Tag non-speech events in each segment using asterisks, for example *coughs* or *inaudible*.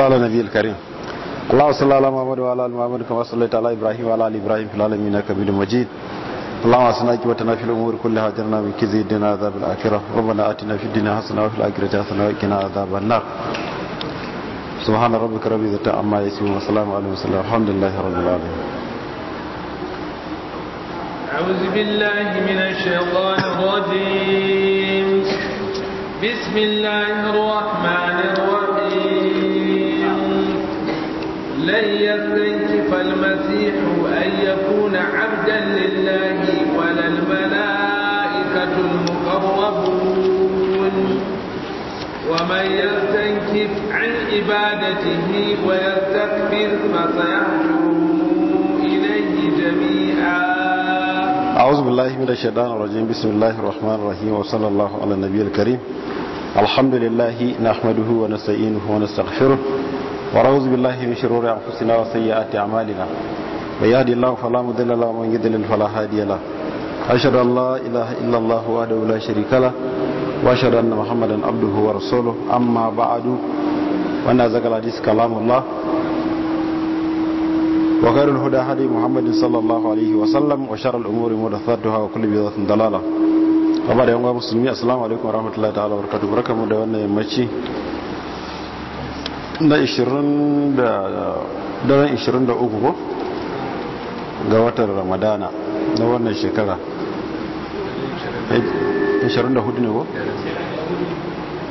على النبي الكريم اللهم صل على محمد وعلى ال محمد كما صليت على ابراهيم وعلى ال ابراهيم في العالمين انك حميد مجيد اللهم اصلح عقبتنا في الامور كلها اجرنا من خزي الدنيا عذاب الاخره ربنا اتنا في الدنيا حسنه وفي الاخره حسنه وقنا عذاب النار سبحان ربك رب العزه عما يصفون وسلام على المرسلين الحمد لله رب العالمين أعوذ بالله من الشيطان الرجيم بسم الله الرحمن الرحيم يستنكف فالمسيح أن يكون عبدا لله ولا الملائكة المقربون ومن يستنكف عن عبادته ويستكبر فسيحشرهم إليه جميعا أعوذ بالله من الشيطان الرجيم بسم الله الرحمن الرحيم وصلى الله على النبي الكريم الحمد لله نحمده ونستعينه ونستغفره ورعوذ بالله من شرور أنفسنا وسيئات أعمالنا من يهدي الله فلا مضل له ومن يضلل فلا هادي له أشهد أن لا إله إلا الله وحده لا شريك له وأشهد أن محمدا عبده ورسوله أما بعد وأن أزكى الحديث كلام الله وخير الهدى هدي محمد صلى الله عليه وسلم وشر الأمور محدثاتها وكل بدعة ضلالة kamar da yan musulmi assalamu warahmatullahi ta'ala barkatu barkamu da wannan na 20 da daren 23 ga watan ramadana na wannan shekara 24 ne ko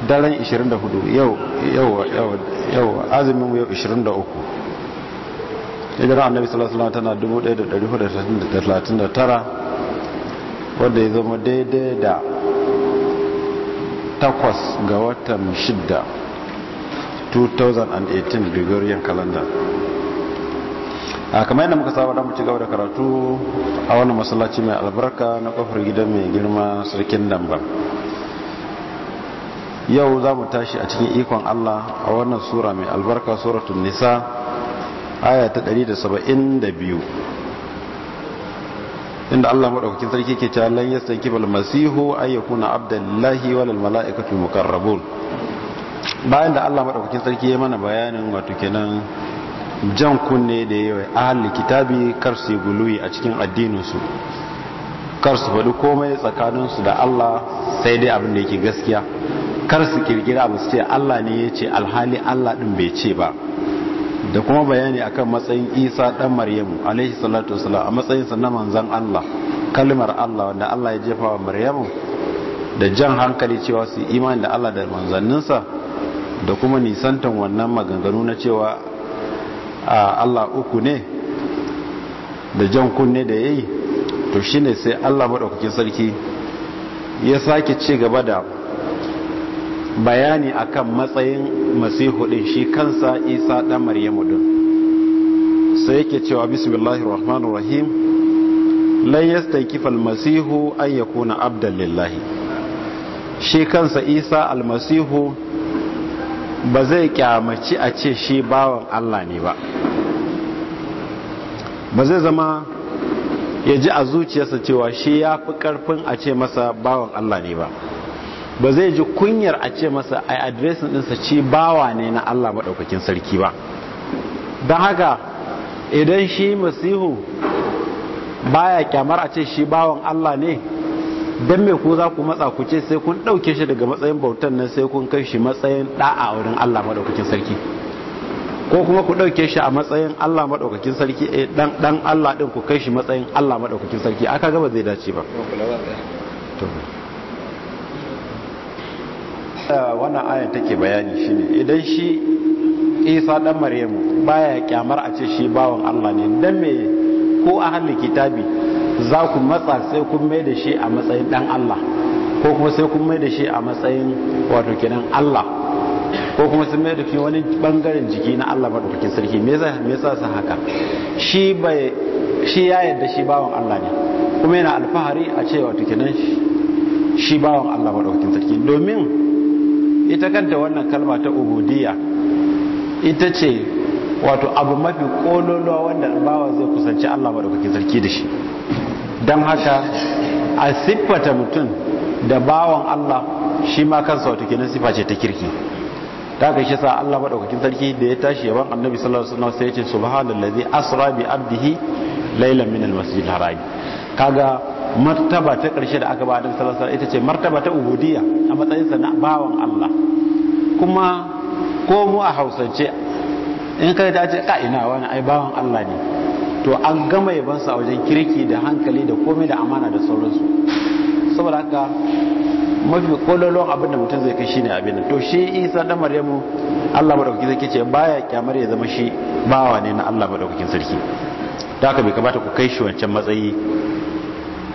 daren 24 yau yau azumin yau 23 idan annabi sallallahu tana 1439 wadda ya zama daidai da takwas ga watan shidda 2018 gregorian calendar a ah, kamar yadda muka saba da mu gaba da karatu a wannan masallaci mai albarka na kofar gidan mai girma sarkin damba yau za mu tashi a cikin ikon allah a wannan sura mai albarka suratun nisa aya ta 172 inda Allah maɗaukakin sarki ke cewa lan yastanki bal masihu ay abdallahi walal malaikatu mukarrabun bayan da Allah maɗaukakin sarki ya mana bayanin wato kenan jan kunne da a halin kitabi kar su guluyi a cikin addinin su kar su faɗi komai tsakaninsu da Allah sai dai abin da yake gaskiya kar su kirkira abu su ce Allah ne ya ce alhali Allah ɗin bai ce ba da kuma bayani akan matsayin Isa ɗan Maryamu alaihi salatu wasalam a matsayin sa na Manzan Allah kalmar Allah wanda Allah ya jefa wa Maryamu da jan hankali cewa su imani da Allah da manzanninsa da kuma nisantan wannan maganganu na cewa Allah uku ne da jan kunne da yayi to shine sai Allah madaukakin sarki ya sake ci gaba da bayani akan matsayin masihu din shi kansa Isa dan Maryamu din sai yake cewa bismillahir rahmanir rahim la yastankifa masihu an yakuna abdan lillahi shi kansa Isa Almasihu. ba zai kyamaci a ce shi bawan Allah ne ba ba zai zama ya ji a zuciyarsa cewa shi ya fi karfin a ce masa bawan Allah ne ba ba zai ji kunyar a ce masa a adresin ɗinsa ci bawa ne na Allah maɗaukakin sarki ba don haka idan shi masihu baya kyamar a ce shi bawan Allah ne dan me ku za ku matsa ku ce sai kun ɗauke shi daga matsayin bautan nan sai kun kai shi matsayin ɗa'a a wurin Allah maɗaukakin sarki ko kuma ku ɗauke shi a matsayin Allah maɗaukakin sarki eh dan dan Allah din ku kai shi matsayin Allah maɗaukakin sarki aka gaba zai dace ba to eh, wannan ayan take bayani shine idan shi Isa dan Maryamu baya kyamar a ce shi bawan Allah ne dan me ko ahli kitabi za ku matsa sai kun mai da shi a matsayin dan Allah ko kuma sai kun mai da shi a matsayin wato kenan Allah ko kuma sun mai da shi wani bangaren jiki na Allah madaukakin sarki me yasa me yasa san haka shi bai shi ya yarda shi bawan Allah ne kuma yana alfahari a ce wato kenan shi bawan Allah madaukakin sarki domin ita kanta wannan kalma ta ubudiyya ita ce wato abu mafi kololuwa wanda bawa zai kusanci Allah madaukakin sarki da shi don haka a siffata mutum da bawan Allah shi ma kansa wato kenan siffa ce ta kirki ta ka shi sa Allah maɗaukakin sarki da ya tashi yaban annabi sallallahu alaihi wasallam sai ya ce subhanallazi asra bi abdihi laylan min almasjid alharam kaga martaba ta karshe da aka ba annabi sallallahu alaihi wasallam ita ce martaba ta ubudiyya a matsayin sa na bawan Allah kuma ko mu a Hausance in kai ta ce ka ina wani ai bawan Allah ne to an gama yabansa a wajen kirki da hankali da komai da amana da sauransu saboda haka mafi kololon abinda mutum zai kai shi ne abin to shi isa dan maryamu allah maɗaukakin sarki ce baya kyamar ya zama shi bawa ne na allah maɗaukakin sarki da haka bai kamata ku kai shi wancan matsayi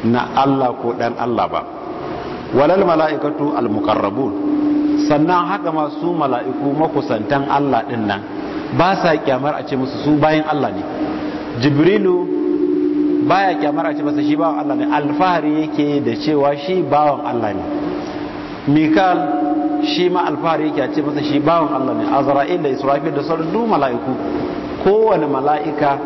na allah ko dan allah ba walal mala'ikatu al muqarrabun sannan haka ma su mala'iku makusantan allah din nan ba sa kyamar a ce musu su bayan allah ne jibrilu baya kyamar a ce masa shi bawan Allah ne alfahari yake da cewa shi bawan Allah ne mikal shi ma alfahari yake a ce masa shi bawan Allah ne azra'il da israfil da sauran duk mala'iku kowane mala'ika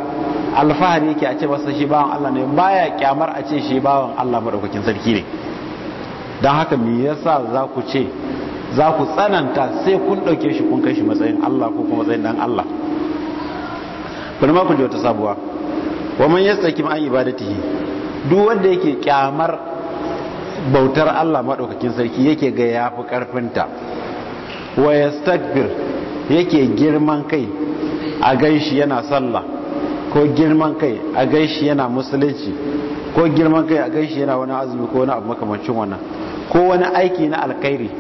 alfahari yake a ce masa shi bawan Allah ne baya kyamar a ce shi bawan Allah madaukakin sarki ne don haka me yasa za ku ce za ku tsananta sai kun ɗauke shi kun kai shi matsayin Allah ko kuma matsayin dan Allah bari ma kun ji wata sabuwa wa man yastaki ma ibadatihi duk wanda yake kyamar bautar Allah madaukakin sarki yake ga yafi karfinta wa yastakbir yake girman kai a gaishi yana sallah ko girman kai a gaishi yana musulunci ko girman kai a gaishi yana wani azumi ko wani abu makamancin wannan ko wani aiki na alkhairi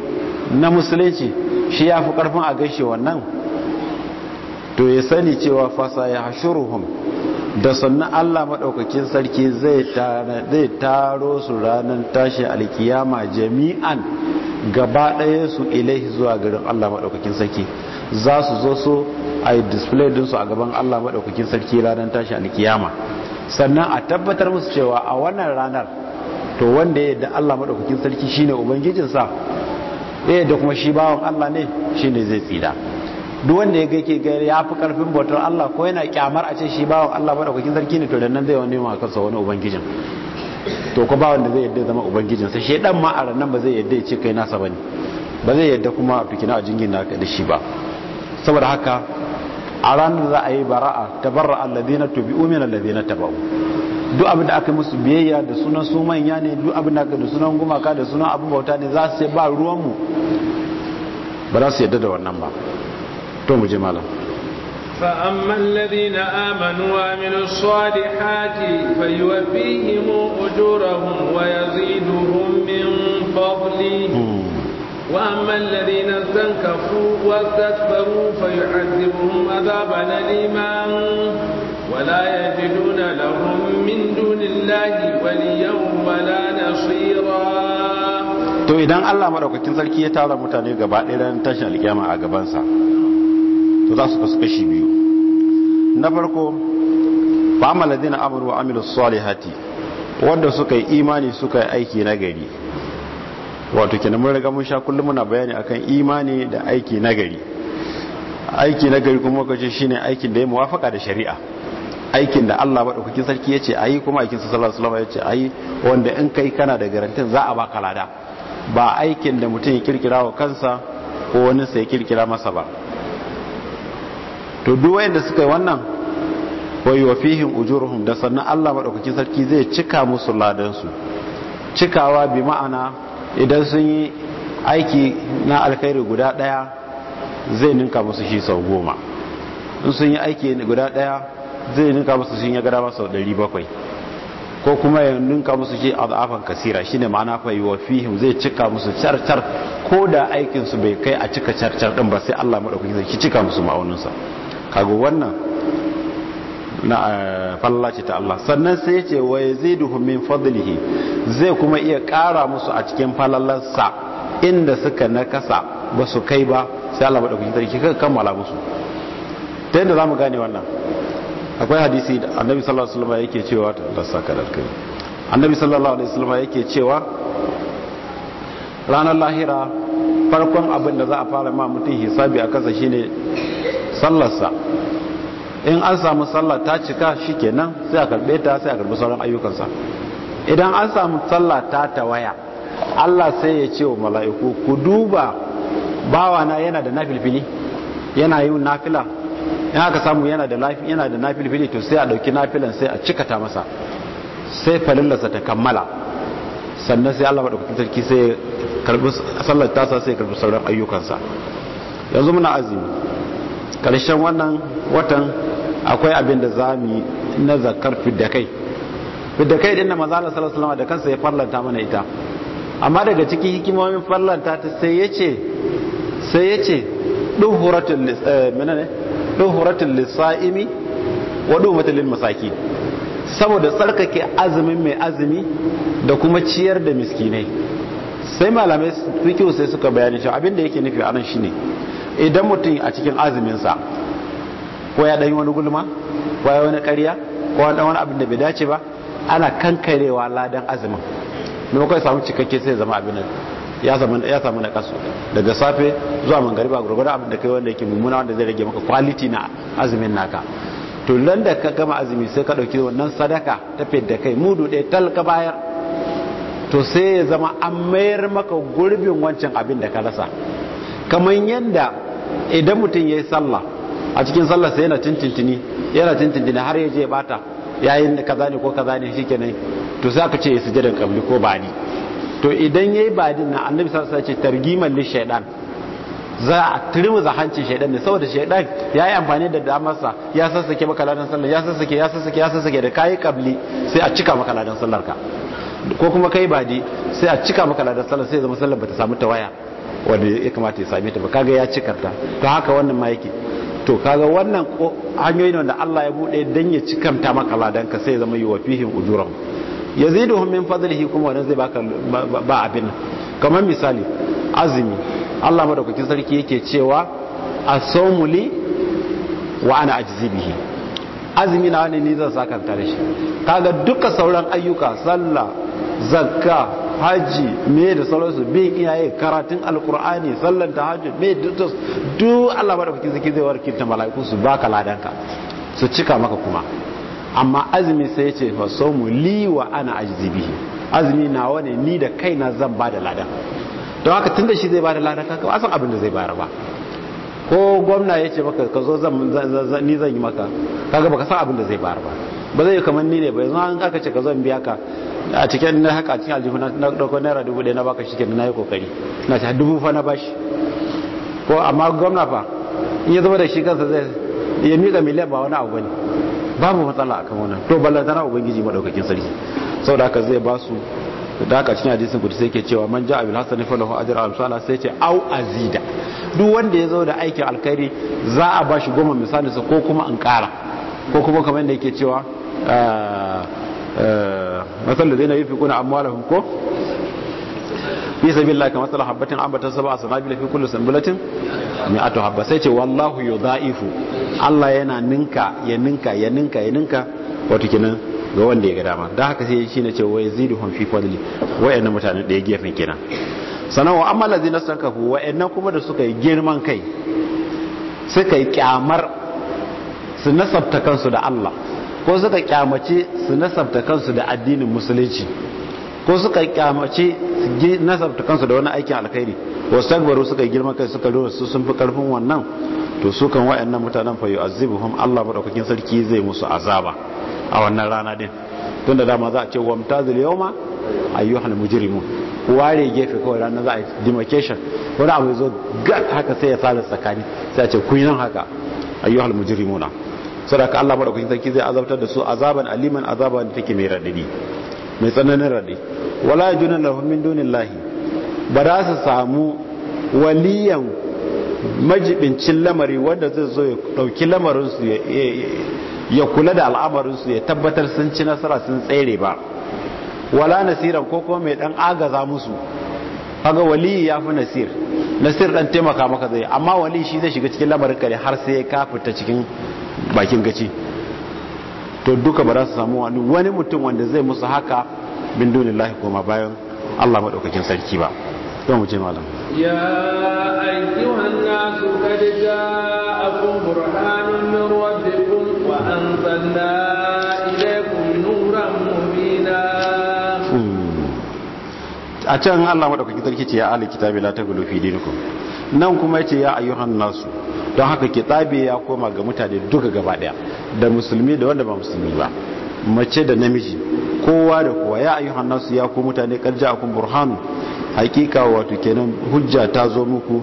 na musulunci shi ya fi karfin a gaishe wannan to ya sani cewa fasa ya hashuruhum da sannan Allah maɗaukakin sarki zai taro su ranar tashi alkiyama jami'an gaba ɗaya su ilaihi zuwa garin Allah maɗaukakin sarki za su zo so a yi display dinsu a gaban Allah maɗaukakin sarki ranar tashi alkiyama sannan a tabbatar musu cewa a wannan ranar to wanda ya da Allah maɗaukakin sarki shine ubangijinsa ya da kuma shi bawan Allah ne shine zai tsira duk wanda ga ke ya fi karfin bautar Allah ko yana kyamar a ce shi bawan Allah madaukakin sarki ne to dan nan zai wani ma kansa wani ubangijin to ko bawan da zai yadda zama ubangijin sai shedan ma a nan ba zai yadda ya ce kai nasa bane ba zai yadda kuma a fikina a jingin naka da shi ba saboda haka a ranar za a yi bara'a ta barra alladina duk abin da aka musu biyayya da sunan su manya ne duk abin da aka da sunan gumaka da sunan abin bauta ne za su ba ruwanmu ba za su yadda da wannan ba to mu je malam fa amma alladhina amanu wa amilu ujurahum wa yaziduhum min fadli hmm. wa zankafu wa wa la yajiduna lahum min dunillahi waliyan wa la nasira to idan Allah madaukakin sarki ya tara mutane gaba ɗaya ran tashin alƙiyama a gabansa sa to za su kasu kashi biyu na farko fa'amala dina amur wa amilu salihati wanda suka yi imani suka yi aiki na gari wato kina mun riga mun sha kullum muna bayani akan imani da aiki na gari aiki na gari kuma kace shine aikin da ya muwafaka da shari'a aikin da Allah dauki sarki yace ayi kuma aikin sallallahu alaihi wasallam yace ayi wanda in kai kana da garantin za a baka lada ba aikin da mutum ya kirkira wa kansa ko wani sai kirkira masa ba to duk da suka yi wannan wai wa fihin ujuruhum da sannan Allah madaukakin sarki zai cika musu ladan su cikawa bi ma'ana idan sun yi aiki na alkhairi guda daya zai ninka musu shi sau goma in sun yi aiki guda daya zai ninka musu shi ya gada sau 700 ko kuma ya ninka musu shi a azafan kasira shine ma'ana fa yi wa fihim zai cika musu carcar ko da aikinsu bai kai a cika carcar din ba sai Allah madaukakin sarki cika musu ma'auninsa kaga wannan na eh, falla ce ta Allah sannan sai ya ce wa yaziduhum min fadlihi zai kuma iya ƙara musu a cikin falalarsa inda suka nakasa ba su kai ba sai Allah madaukakin tarki kan kammala musu ta yadda zamu gane wannan akwai hadisi da annabi sallallahu alaihi wasallam yake cewa da saka da annabi sallallahu alaihi wasallam yake cewa ranar lahira farkon abin da za a fara ma mutum hisabi a kasa shine sallarsa in an samu sallar ta cika shi kenan sai a karbe ta sai a karbi sauran ayyukansa idan an samu sallar ta tawaya Allah sai ya ce wa mala'iku ku duba bawana yana da nafilfili yana yin nafila in aka samu yana da nafilfili to sai a dauki nafilan sai a cikata masa sai farillarsa ta kammala sannan sai Allah madaukakin sarki sai karbi sallar tasa sai karbi sauran ayyukansa yanzu muna azumi karshen wannan watan akwai abin da za mu yi na zakar fiddakai fiddakai din na mazala salasalama da kansa ya farlanta mana ita amma daga ciki hikimomin farlanta ta sai ya ce sai ya ce ɗuhuratun eh, lissa'imi wa ɗuhuratun masaki saboda tsarkake azumin mai azumi da kuma ciyar da miskinai sai malamai fikiyu sai suka bayani shi abin da yake nufi a nan shine idan mutum a cikin aziminsa ko ya ɗanyi wani gulma ko ya wani ƙarya ko ya wani abin da bai dace ba ana kankarewa ladan azumin na kai samu cikakke sai zama abin ya ya samu na kasu daga safe zuwa ba gurgurda abin da kai wanda yake mummuna wanda zai rage maka quality na azumin naka to lan da ka gama azumi sai ka ɗauki wannan sadaka ta fidda kai mudu ɗaya talka bayar to sai ya zama an mayar maka gurbin wancan abin da ka rasa kamar yadda idan mutum ya yi sallah a cikin sallah sai yana tintintini yana tintintini har ya bata yayin da kaza ne ko kaza ne shikenan to sai aka ce ya sujudan kabli ko bani to idan yayi badin na annabi sa alaihi ce targiman li shaidan za a za hancin shaidan ne saboda shaidan ya yi amfani da damarsa ya sassake makaladan sallar ya sassake ya sassake ya sassake da kayi kabli sai a cika makaladan sallar ka ko kuma kai badi sai a cika makaladan sallar sai zama sallar bata samu tawaya wanda ya kamata ya same ta ba kaga ya cikarta ta haka wannan ma yake to kaga wannan hanyoyi wanda Allah ya bude dan ya cikanta maka ladan ka sai zama yuwa fihim ujuran yaziduhum min fadlihi kuma wannan zai baka ba abin kamar misali azumi Allah madaukakin sarki yake cewa a sawmu li wa ana ajzi bihi azumi na wani ni zan sakanta da shi kaga duka sauran ayyuka sallah zakka hajji me da sauransu bin iyaye karatun alkur'ani sallan hajji me duk duk Allah kuke zaki zai warke ta mala'iku su baka ladanka su cika maka kuma amma azumi sai ya ce fa sawmu li wa ana ajzibihi azumi na wane ni da kaina zan ba da ladan don haka tunda shi zai ba da ladan kaka ba san abin da zai bayar ba ko gwamna ya ce maka ka zo ni zan yi maka kaga baka san abin da zai bayar ba ba zai kamar ni ne ba yanzu an aka ce ka zan biya ka a cikin na haka cikin aljihu na dauko naira dubu ɗaya na baka shi kenan yi kokari na ta dubu fa na bashi ko amma gwamna fa in ya zama da shi kansa zai ya miƙa miliyan ba wani abu ne babu matsala a akan wannan to ballantana ubangiji maɗaukakin sarki saboda haka zai ba su da haka cikin hadisin kudu sai ke cewa man ja bil hasani falahu ajru amsala sai ce au azida duk wanda ya zo da aikin alkhairi za a bashi goma misali sa ko kuma an ƙara ko kuma kamar da yake cewa ah, ah, matsal zai na yi fikuna amwalahum ko fi sabi Allah ka matsala habbatin ambatan saba a sanabila fi kullu mai ato habba sai ce wallahu yau za'ifu Allah yana ninka ya ninka ya ninka ya ninka wato kinan ga wanda ya ga dama dan haka sai shi na ce wa ya zidu yaziduhum fi fadli wa yana mutane da ya gefen kenan sanan wa amma lazi na sankafu wa yana kuma da suka yi girman kai suka yi kyamar su nasabta kansu da Allah ko suka kyamace su nasabta kansu da addinin musulunci ko suka kyamace su nasabta kansu da wani aikin alkhairi ko tagbaru suka yi girman kai suka lura su sun fi karfin wannan to su kan wayannan mutanen fa yu'azibuhum Allah madaukakin sarki zai musu azaba a wannan rana din tunda dama za a ce wa mutazil yawma ayyuhal mujrimun ware gefe kawai rana za a yi demarcation wani abu zo gat haka sai ya tsara tsakani sai a ce kun haka ayyuhal mujrimuna sadaka Allah madaukakin sarki zai azabtar da su azaban aliman azaban da take mai radadi mai tsananin radadi wala yajuna lahum min dunillahi ba za su samu waliyan majibincin lamari wanda zai zo ya dauki lamarin ya kula da al'amarin ya tabbatar sun ci nasara sun tsere ba wala nasiran ko kuma mai dan agaza musu kaga wali ya fi nasir nasir dan taimaka maka zai amma wali shi zai shiga cikin lamarin kare har sai ya kafita cikin bakin gaci to duka ba za su samu wani wani mutum wanda zai musu haka bin dole lahi koma bayan Allah maɗaukakin sarki ba to mu ce malam ya ayyuhan nasu qad ja'akum burhanun min rabbikum wa anzalna ilaykum nuran mubina hmm. a can Allah maɗaukakin sarki ce ya ahli kitabi la taghlu fi dinikum nan kuma yace ya ayyuhan nasu don haka kitsabe ya koma ga mutane duka gaba daya da musulmi da wanda ba musulmi ba mace da namiji kowa da kowa ya ayi hannasu ya ku mutane karja akun burhanu hakika wato kenan hujja ta zo muku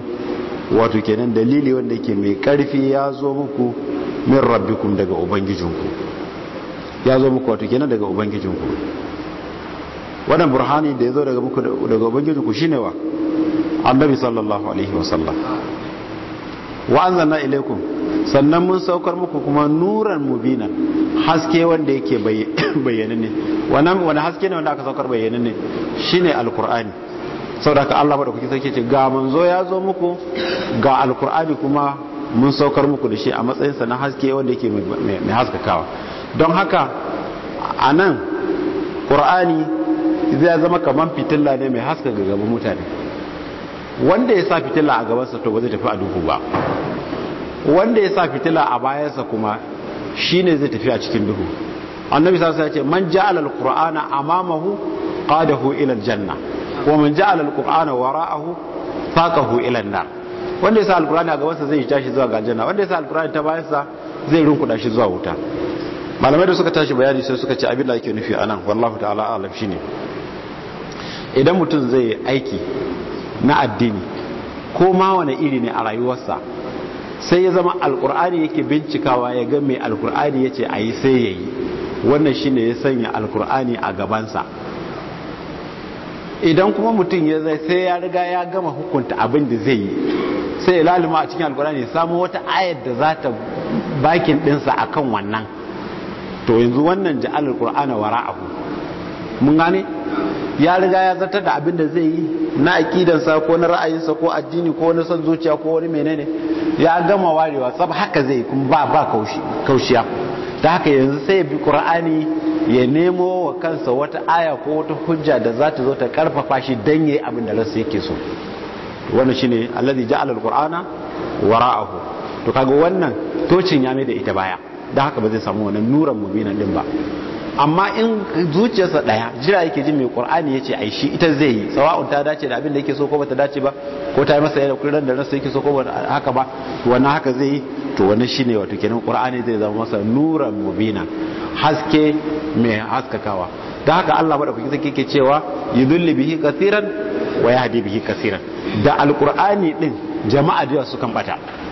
wato kenan dalili wanda yake mai karfi ya zo muku min rabbikum daga ubangijinku ya zo muku wato kenan daga ubangijinku wannan burhani da ya zo daga muku daga ubangijinku shine wa annabi sallallahu alaihi wasallam wa ilaikum sannan mun saukar muku kuma nuran mubina haske wanda yake bayyana ne wani haske ne wanda aka saukar bayyana ne shine alkur'ani saboda ka Allah kuke sauke ce ga manzo ya zo muku ga alkur'ani kuma mun saukar muku da shi a matsayinsa na haske wanda yake mai haskakawa don haka a nan ƙur'ani zai zama kamar fitilla ne mai haska ga gaban mutane wanda ya sa fitila a gabansa to ba zai tafi a duhu ba wanda ya sa fitila a bayansa kuma shine zai tafi a cikin duhu annabi sallallahu alaihi wasallam ya ce man ja'ala alqur'ana amamahu qadahu ila aljanna wa man ja'ala alqur'ana wara'ahu faqahu ila an-nar wanda ya sa alqur'ani a gabansa zai tashi zuwa ga aljanna wanda ya sa alqur'ani ta bayansa zai rinkuda shi zuwa wuta malamai da suka tashi bayani sai suka ce abin da ake nufi anan wallahu ta'ala alam shine idan mutum zai aiki na addini ko ma wani iri ne a rayuwarsa sai ya zama alkur'ani yake bincikawa ya ga mai alkur'ani ya ce a yi sai ya yi wannan shi ne ya sanya alkur'ani a gabansa idan kuma mutum ya zai sai ya riga ya gama hukunta abin da zai yi sai lalima a cikin alkur'ani ya samu wata ayar da za ta bakin ɗinsa a kan wannan to yanzu wannan ja'alar wara abu mun gane ya riga ya zartar da abin da zai yi na akidansa ko na ra'ayinsa ko addini ko na son zuciya ko wani menene ya gama warewa sab haka zai kuma ba ba kaushiya ta haka yanzu sai bi qur'ani ya nemo wa kansa wata aya ko wata hujja da za ta zo ta karfafa shi dan yayi abin da ransa yake so wannan shine allazi ja'ala alqur'ana wara'ahu to kaga wannan tocin ya mai da ita baya da haka ba zai samu wannan nuran mubinan din ba amma in zuciyarsa ɗaya, jira yake jin mai qur'ani yace ai shi ita zai yi sawa'un ta dace da abin da yake so ko bata dace ba ko ta yi masa yana kullun da ransa yake so ko ba haka ba to wannan haka zai yi to wannan shine wato kenan qur'ani zai zama masa nuran mubina haske mai haskakawa da haka Allah madaukakin sarki yake cewa yudhillu bihi kaseeran wa yahdi bihi da alqur'ani din jama'a da su kan bata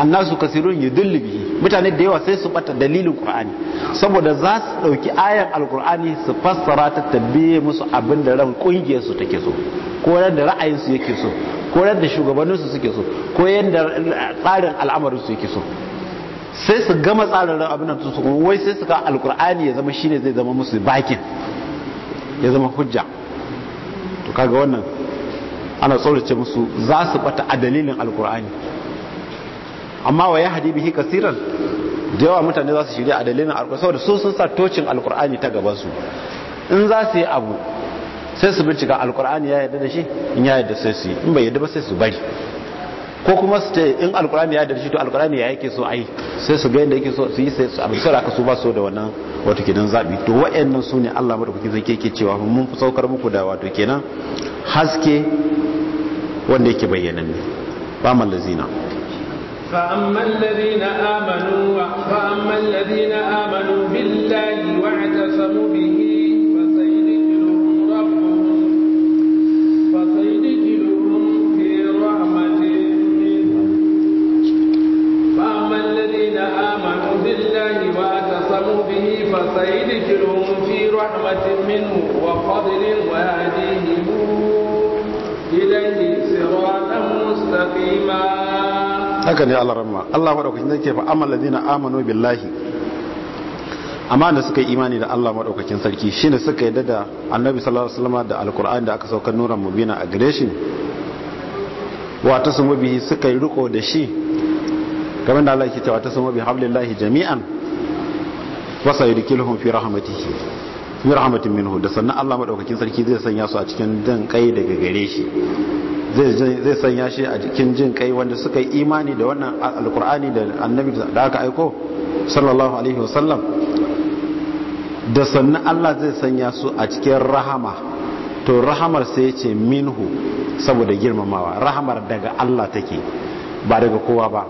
annasu kasirun yudullu bihi mutane da yawa sai su bata dalilin qur'ani saboda za su dauki ayan alqur'ani su fassara ta tabbiye musu abin da ran kungiyar su take so ko da ra'ayin su yake so ko da shugabannin su suke so ko yanda tsarin al'amarin su yake so sai su gama tsarin abin da su kuma wai sai su ka alqur'ani ya zama shine zai zama musu bakin ya zama hujja to kaga wannan ana tsorace musu za su bata a dalilin alqur'ani amma wa hadi bihi kasiran da yawa mutane za su shirya a dalilin alkur'ani saboda su sun sa tocin alkur'ani ta gaban su in za su yi abu sai su bincika alkur'ani ya yarda da shi in ya yarda sai su yi in bai yarda ba sai su bari ko kuma su ce in alkur'ani ya yarda da shi to alkur'ani ya yake so ai sai su ga yadda yake so su yi sai su abin saraka su ba so da wannan wato kenan zaɓi to wayannan su ne Allah madaukakin zai keke cewa mun fi saukar muku da wato kenan haske wanda yake bayyana ne ba mallazina فأما الذين آمنوا فأما الذين آمنوا بالله واعتصموا به فسيدخلهم ربهم فسيدخلهم في رحمة منه فأما الذين آمنوا بالله واعتصموا به فسيدخلهم في رحمة منه وفضل ويهديهم إليه صراطا مستقيما haka ne Allah rahma Allah madaukakin sarki fa amal ladina amanu billahi amma da suka yi imani da Allah madaukakin sarki shine suka yadda da Annabi sallallahu alaihi wasallam da alqur'ani da aka saukar nuran mubina a gare shi wa su mabi suka yi riko da shi kamar da Allah yake cewa su mabi hablillahi jami'an wa sayudkhiluhum fi rahmatihi fi rahmatin minhu da sannan Allah madaukakin sarki zai sanya su a cikin dan kai daga gare shi zai sanya shi a jikin jin kai wanda suka yi imani da wannan alkur'ani da annabi da aka aiko sallallahu alaihi wasallam da sannan Allah zai sanya su a cikin rahama to rahamar sai ce minhu saboda girmamawa rahamar daga Allah take ba daga kowa ba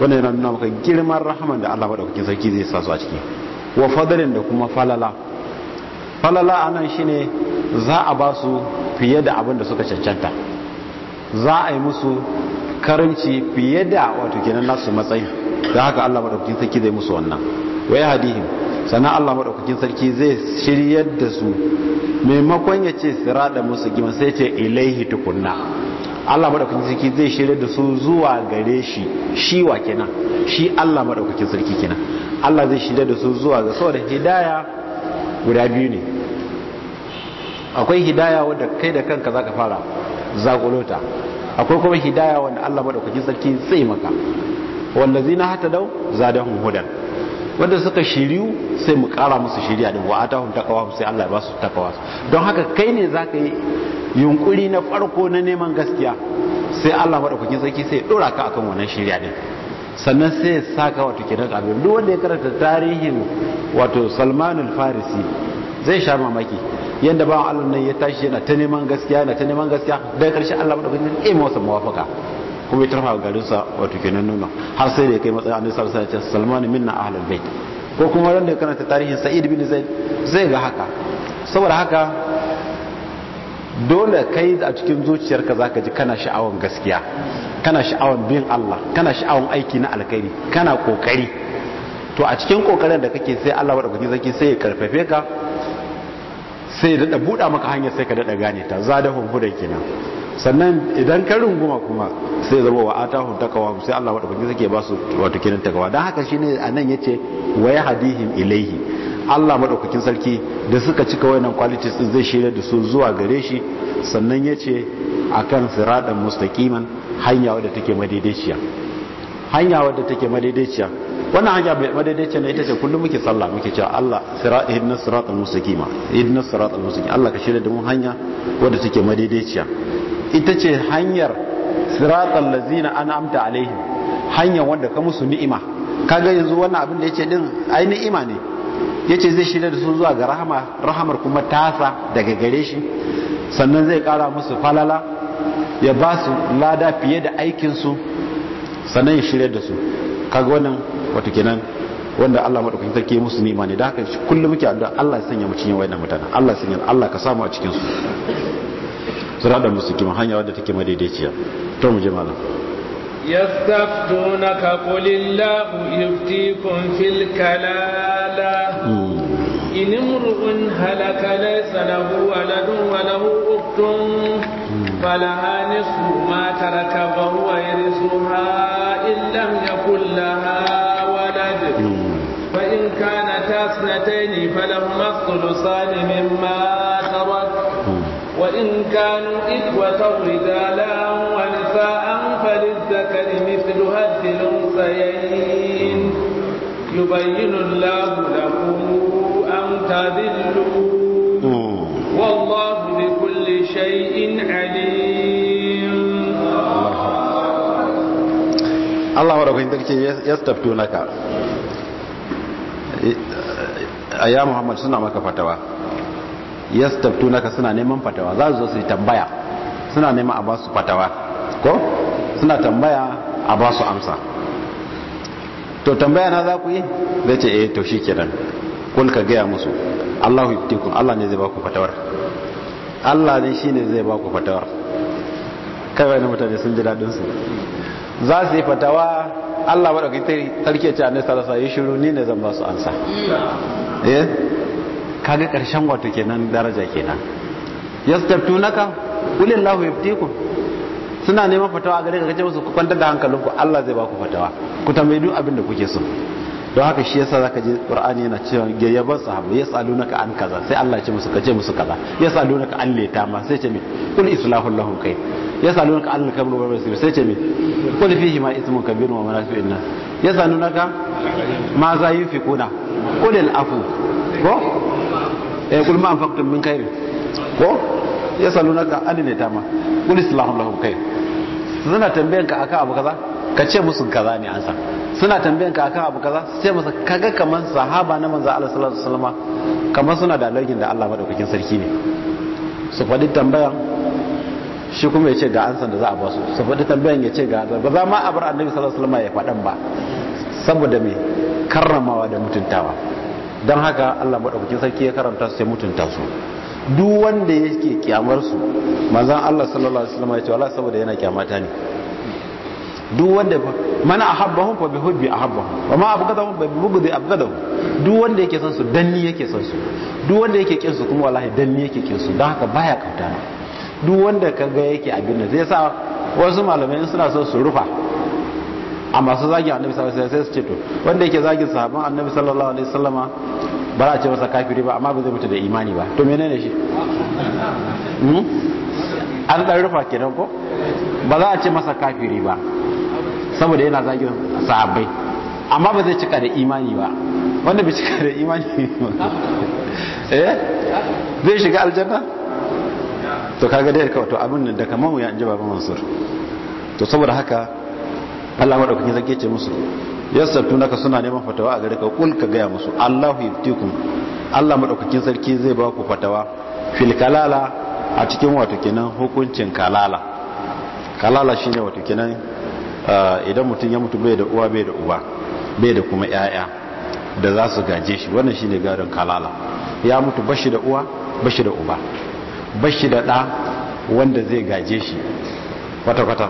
wannan yana nuna maka girman rahaman da Allah madaukakin sarki zai sa su a ciki wa fadalin da kuma falala falala anan shine za a ba su fiye da abin da suka cancanta za a yi musu karanci fiye da wato kenan nasu matsayin da haka Allah madaukakin sarki zai musu wannan wai hadihin sannan Allah madaukakin sarki zai shiryar da su maimakon ya ce rada musu gima sai ce ilaihi tukunna Allah madaukakin sarki zai shiryar da su zuwa gare shi shi wa kenan shi Allah madaukakin sarki kenan Allah zai shiryar da su zuwa ga saboda hidaya guda biyu ne akwai hidaya wadda kai da kanka zaka fara zagulota akwai kuma hidaya wanda Allah madaukakin sarki zai maka wanda hata dau zadahum hudan wanda suka shiriyu sai mu kara musu shiriya da wa atahum taqwa sai Allah ya ba su taqwa don haka kai ne zaka yi yunkuri na farko na neman gaskiya sai Allah madaukakin sarki sai ya dora ka akan wannan shiriya din sannan sai ya saka wato kenan abin duk wanda ya karanta tarihin wato Salman al-Farisi zai sha mamaki yadda ba Allah nan ya tashi yana ta neman gaskiya yana ta neman gaskiya daga karshe Allah da sarki ya masa mawafaka kuma ya tarfa garin sa wato kenan nuna har sai da ya kai matsayin Annabi sallallahu alaihi wasallam Salman minna ahlul bait ko kuma wanda ya karanta tarihin Sa'id bin Zaid zai ga haka saboda haka dole kai a cikin zuciyarka zaka ji kana sha'awan gaskiya kana sha'awan bin Allah kana sha'awan aiki na alkhairi kana kokari to a cikin kokarin da kake sai Allah madaukakin zaki sai ya karfafe ka sai daɗa buɗa maka hanyar sai ka daɗa gane ta za da hunhuda kenan sannan idan ka runguma kuma sai zama wa atahum takawa sai Allah wada bakin suke ba su wato kenan takawa don haka shi shine ya ce wa hadihim ilaihi Allah maɗaukakin sarki da suka cika wayannan qualities din zai shirya da su zuwa gare shi sannan yace akan siratan mustaqiman hanya wadda take madaidaiciya hanya wadda take madaidaiciya wannan hanya mai madaidaicin na ita ce kullum muke sallah muke cewa Allah sirat ihdinas siratal mustaqim ihdinas siratal Allah ka shirya da mu hanya wadda take madaidaiciya ita ce hanyar siratal ladzina an'amta alaihim hanyar wanda ka musu ni'ima kaga yanzu wannan abin da yace din ai ni'ima ne yace zai shirya da su zuwa ga rahama rahamar kuma tasa daga gare shi sannan zai kara musu falala ya ba su lada fiye da aikinsu sannan ya shirya da su kaga wannan wato kenan wanda Allah madaukakin sarki musu nima ne da haka kullum muke addu'a Allah ya sanya mu cikin wayannan mutane Allah ya sanya Allah ka samu a cikin su sura da musulmi hanya wanda take madaidaiciya to mu je malam yastaftunaka qulillahu yuftikum fil kalala hmm. in imru'un halaka laysa lahu waladun wa lahu ukhtun hmm. falaha nisfu ma taraka wa huwa yarithuha illam yakul laha اثنتين فلهما الثلثان مما ترك وإن كانوا إخوة رجالا ونساء فللذكر مثل هد الأنثيين يبين الله لكم أن تذلوا والله بكل شيء عليم الله ورحمه يستفتونك ya muhammad suna maka fatawa naka suna neman fatawa za su zo su tambaya suna neman a ba su fatawa ko suna tambaya a ba su amsa to tambaya na za ku yi zai ce eh to shi kenan kun ka gaya musu allahu yubtikum allah ne zai ba ku fatawar allah ne shi ne zai ba ku fatawar kawai na mutane sun ji daɗinsu za su yi fatawa allah waɗanda tarke ce a nesa sa yi shiru ni ne zan ba su ansa hmm. eh kaga karshen wato kenan daraja kenan yastabtu naka yastabtunaka qulillahu yuftikum suna neman fatawa gare ka kace musu ku kwantar da hankalinku Allah zai baku fatawa ku tambayi abin da kuke so don haka shi yasa zaka ji Qur'ani yana cewa gayyaban sahabbai yasalunaka an kaza sai Allah ya ce musu kace musu kaza yasalunaka an leta ma sai ce mi kul islahu lahum kai yasalunaka an al-kabru wa basir sai ce mi kul fihi ma ismun kabirun wa manafi'un nas Ya naka ma za fi kuna al afu ko ya eh, kuli ma anfaqtum min kairi ko ya yasalunaka ta ma kuli islahu lahun kai suna tambayan ka aka abu kaza ka ce musu kaza ne an san suna tambayan ka aka abu kaza ce musu kaga kaman sahaba na manzo Allah sallallahu alaihi wasallam kamar suna da lagin da Allah madaukakin sarki ne su faɗi tambayan shi kuma ya ce ga ansan da za a basu su tambayan ya ce ga ba za ma a bar annabi sallallahu alaihi wasallam ya faɗan ba saboda me karramawa da mutuntawa don haka Allah madaukakin sarki ya karanta su sai mutunta su duk wanda yake kiyamar su manzon Allah sallallahu alaihi wasallam ya ce wala saboda yana kiyamata ne duk wanda mana ahabbahum fa bihubbi ahabbahum wa ma abghadahum fa bibghdi abghadahum duk wanda yake son su danni yake son su duk wanda yake kin su kuma wallahi danni yake kin su don haka baya kautana duk wanda ka ga yake abin da zai sa wasu malamai in suna so su rufa a masu zagin annabi sallallahu alaihi wasallam sai su ce to wanda yake zagin sahabban annabi sallallahu alaihi wasallama ba za a ce masa kafiri ba amma ba zai mutu da imani ba to menene shi hmm? an dan rufa kenan ko ba za a ce masa kafiri ba saboda yana zagin sahabbai amma ba zai cika da imani ba wanda bai cika da imani *laughs* eh zai shiga aljanna to kaga dai ka wato abin nan da kamar wuya in ji baba mansur to saboda haka Allah madaukaki zake ce musu yassabtu naka suna neman fatawa a gare ka kul ka gaya musu Allahu yuftikum Allah madaukakin sarki zai ba ku fatawa fil kalala a cikin wato kenan hukuncin kalala kalala shine wato kenan eh, idan mutum ya mutu bai da uwa bai da uba bai da kuma yaya da za su gaje shi wannan shine gadon kalala ya mutu bashi da uwa bashi da uba bashi da ɗa wanda zai gaje shi kwata-kwata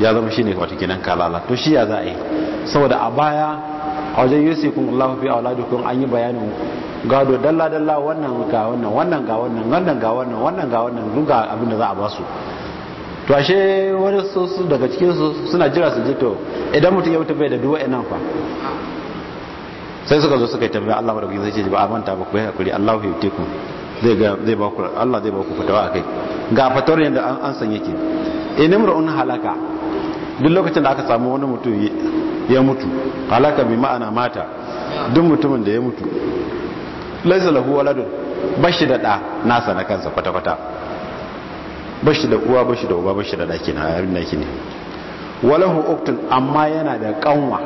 ya zama shi ne wata kinan kalala to shi ya za a yi saboda a baya a wajen yusi kun allahu fi auladu kun an yi bayanin gado dalla-dalla wannan ga wannan wannan ga wannan wannan ga wannan wannan ga wannan duk ga abin da za a basu to ashe wani su daga cikin su suna jira su ji to idan mutum ya mutu bai da duwa nan fa sai suka zo suka yi tambaya Allah gizo zai ce ba a manta ba ku yi hakuri Allahu yutikum zai ga zai ba ku Allah zai ba ku fatawa akai ga fatawar yadda an an san yake in eh, imra'un halaka duk lokacin da aka samu wani mutum ya mutu halaka bi ma'ana mata duk mutumin da ya mutu laisa lahu waladun bashi da da nasa na kansa kwata kwata bashi da uwa bashi da uba bashi da daki na abin daki ne walahu uktun amma yana da kanwa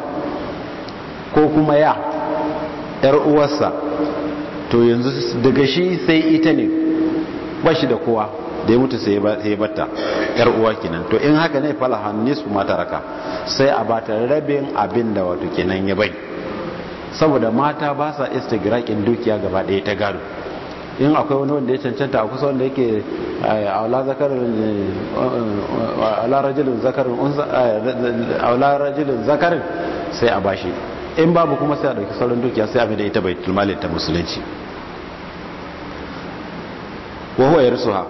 ko kuma ya yar uwarsa to yanzu daga shi sai ita ne ba shi da kowa da ya mutu sai ya batta yar uwa kenan to in haka ne hannu su mata raka sai a bata rabin abin da wato kenan ya bai saboda mata ba sa girakin dukiya gaba ɗaya ta gado in akwai wani wanda ya cancanta a kusa wanda yake a wala rajilin zakarin sai a bashi in babu kuma sai a ɗauki sauran dukiya sai a fi da ita bai malin ta musulunci wa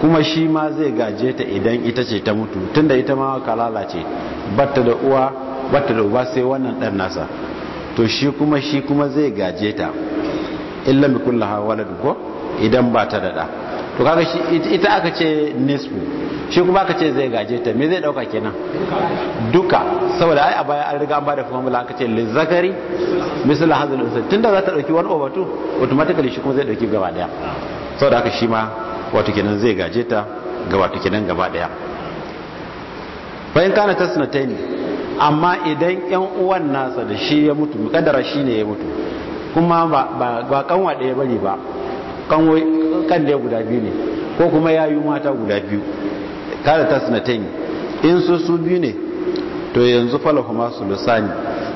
kuma shi ma zai gaje ta idan ita ce ta mutu tun da ita ma kalala ce batta da uwa batta da uba sai wannan dan nasa to shi kuma shi kuma zai gaje ta illa mikulla hawa na ko idan ba ta da ɗa to kaga shi ita aka ce nisfu shi kuma aka ce zai gaje ta me zai dauka kenan duka saboda ai a baya an riga an bada formula aka ce lizakari misal hazal unsa tunda za ta dauki 1 over two automatically shi kuma zai dauki gaba daya saboda haka shi ma wato kenan zai gaje ta ga wato kenan gaba daya bayan kana ne amma idan yan uwan nasa da shi ya mutu mukaddara shi ne ya mutu kuma ba ba kanwa daya bari ba kan da guda biyu ne ko kuma ya yi mata guda biyu kada ta yi in su su biyu ne to yanzu falahu ma sulusani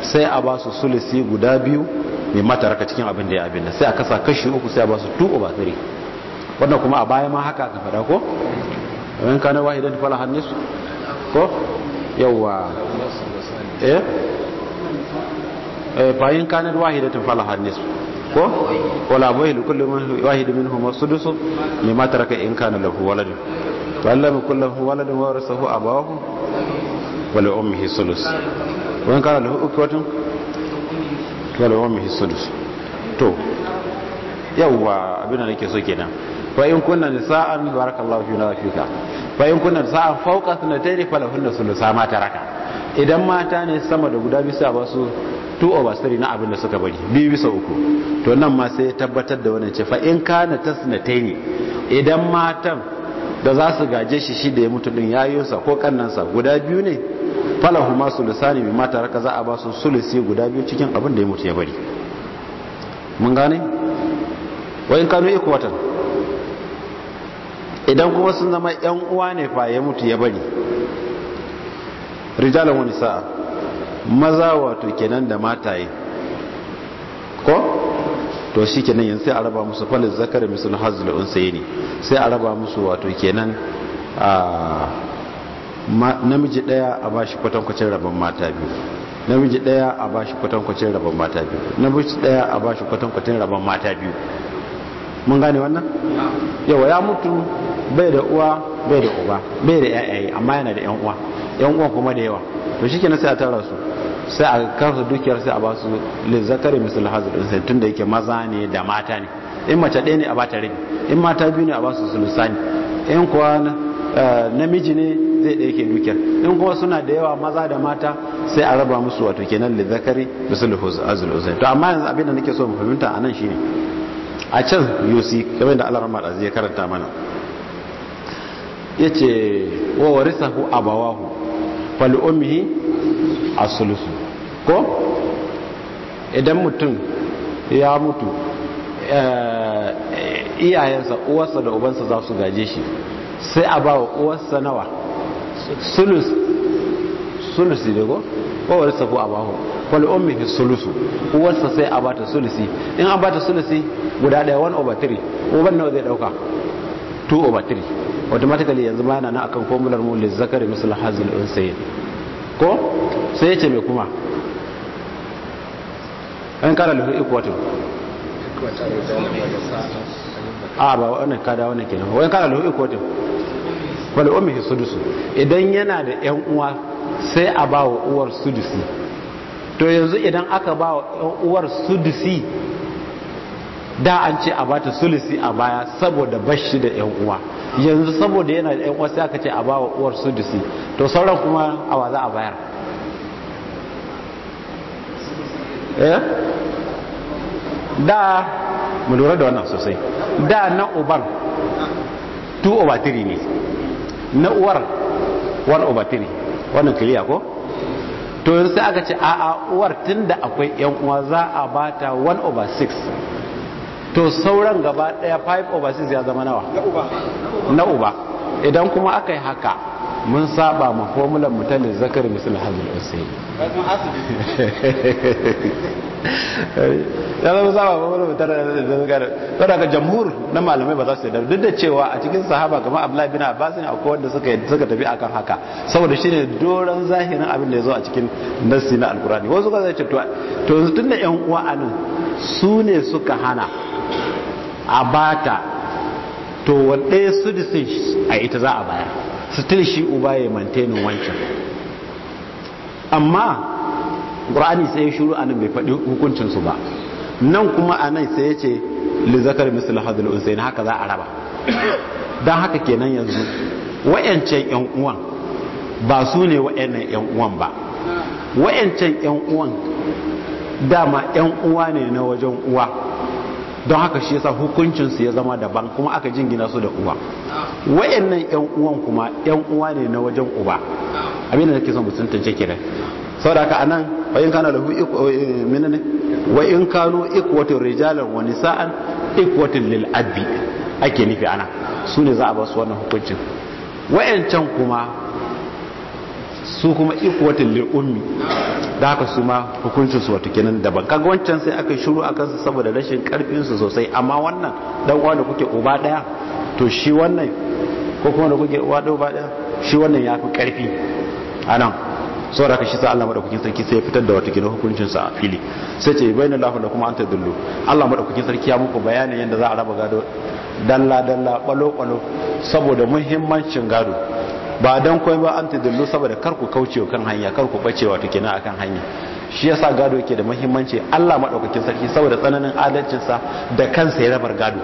sai a ba su sulisi guda biyu mai mata raka cikin abin da ya abin da sai a kasa kashi uku sai a ba su tu uba three wannan kuma a baya ma haka aka faɗa ko in kana fala falahu su ko yawwa eh eh bayan kanar fala falaha su ko wala mai da kullum wahid minhum sudusu mata raka in kana lafi walad fa Allah kullum kullu walad wa rasahu abahu wa li ummihi sudus wa in kana lahu ukwatun wa li ummihi sudus to yawwa abin da nake so kenan fa in kunna nisa'an barakallahu fi nafika fa in kunna nisa'an fawqa sunnatayn falahunna sulusa ma raka. idan mata ne sama da guda bisa ba su 2 over 3 na abin da suka bari biyu bisa uku to nan ma sai tabbatar da wannan ce fa in na tasnataini idan matan da za su gaje shi shi da ya mutu din yayonsa ko kannansa guda biyu ne falahu ma sulusani bi mata raka za a ba su sulusi guda biyu cikin abin da ya mutu ya bari mun gane wa in kanu ikwatan idan kuma sun zama yan uwa ne fa ya mutu ya bari rijalan wani sa'a maza wato kenan da mataye ko to shi kenan yanzu sai a raba musu falin zakar misal un unsayi ne sai a raba musu wato kenan a namiji daya a bashi kwatankwacin rabon mata biyu namiji daya a bashi kwatankwacin rabon mata biyu namiji daya a bashi kwatankwacin rabon mata biyu mun gane wannan yawa ya mutu bai da uwa bai da uba bai da yayaye amma yana da yan uwa yan uwan kuma da yawa to shi na sai a tara su sai a kafa dukiyar sai a ba su lizzakari misal hazir sai tunda yake maza ne da mata ne in mace ɗaya ne a ba ta rabi in mata biyu ne a ba su sulusani in kuwa eh, namiji ne zai ɗaya ke dukiyar in kuma suna da yawa maza da mata sai a raba musu wato kenan lizzakari misal sai to amma yanzu abin da nake so mu fahimta a nan shine a can yusi kamar da Allah rahmat aziz ya karanta mana yace wa warisahu abawahu fal'ummihi a sulusu ko idan mutum ya mutu eh, iyayensa uwarsa da ubansa za su gaje shi sai a ba wa uwarsa nawa sulusi da ko kowarsa ko a bahu fal'ummi fi sulusu uwarsa sai a bata sulusi in an bata sulusi guda daya 1 over 3 uban nawa zai dauka 2 over 3 automatically yanzu ma yana na akan formular mu li zakari misal hazil unsayin ko sai yace me kuma an kara lahu ikwatin a ba wannan kada wannan kenan wani kara lahu ikwatin wal ummi sudusu idan yana da yan uwa sai a ba uwar sudusi to yanzu idan aka ba wa uwar sudusi da an ce a bata sulusi a baya saboda bashi da yan uwa yanzu saboda yana da uwa wasu aka ce a bawa uwar su sudusi to sauran kuma a wa za a bayar eh? da mu lura da wannan sosai da na uban 2 over 3 ne na uwar 1 over 3 wannan kiliya ko to yanzu sai aka ce a a uwar da akwai yan uwa za a bata 1 over 6 to sauran gaba daya 5 over 6 ya zama nawa na uba idan kuma aka yi haka mun saba ma formula mutalin zakar misal hajjul usai *laughs* ya zama saba ma formular mutalin zakar kada ka jamhur na malamai ba za su yadda duk da cewa a cikin sahaba kamar abdullahi bin abbas ne akwai wanda suka suka tafi akan haka saboda shine doran zahirin abin da ya a cikin nassi na alqurani wasu ka zai ce to yanzu tunda yan uwa anan su ne suka hana a bata to su disin a ita za a bayar still shi uba ya maintainin wancan amma ƙur'ani sai ya shuru anan bai faɗi hukuncinsu ba nan kuma anan sai ya ce lizakar misali hadul usain haka za a raba don haka kenan yanzu wa'yancan yan uwan ba su ne wa'yannan yan uwan ba wa'yancan yan uwan dama yan uwa ne na wajen uwa don haka shi yasa hukuncinsu ya zama daban kuma aka jingina su da uwa wayannan yan uwan kuma yan uwa ne na wajen uba abinda nake son mutum tance kenan saboda haka anan wa in kana lahu eh, menene wa in kanu ikwatu rijalan wa nisaan ikwatin lil ake nufi ana su ne za a ba su wannan hukuncin wayancan kuma su kuma ikwatin lil ummi da haka su ma hukuncin su wata kenan daban kaga wancan sai aka shiru a kansu saboda rashin karfin su sosai amma wannan dan uwa da kuke uba daya to shi wannan ko kuma da kuke uwa da uba daya shi wannan fi karfi anan saboda ka shi sa Allah madaukakin sarki sai ya fitar da wata gina hukuncin sa a fili sai ce bayna lahu lakum anta dullu Allah madaukakin sarki ya muku bayanin yadda za a raba gado dalla dalla balo balo saboda muhimmancin gado ba don koyi ba an saboda kar ku kauce kan hanya kar ku bace wato akan hanya shi yasa gado yake da muhimmanci Allah madaukakin sarki saboda tsananin sa da kansa ya rabar gado